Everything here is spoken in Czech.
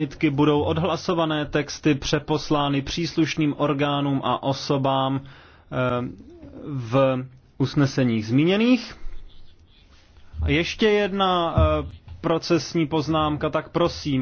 Nitky budou odhlasované texty přeposlány příslušným orgánům a osobám eh, v usneseních zmíněných. Ještě jedna eh, procesní poznámka, tak prosím.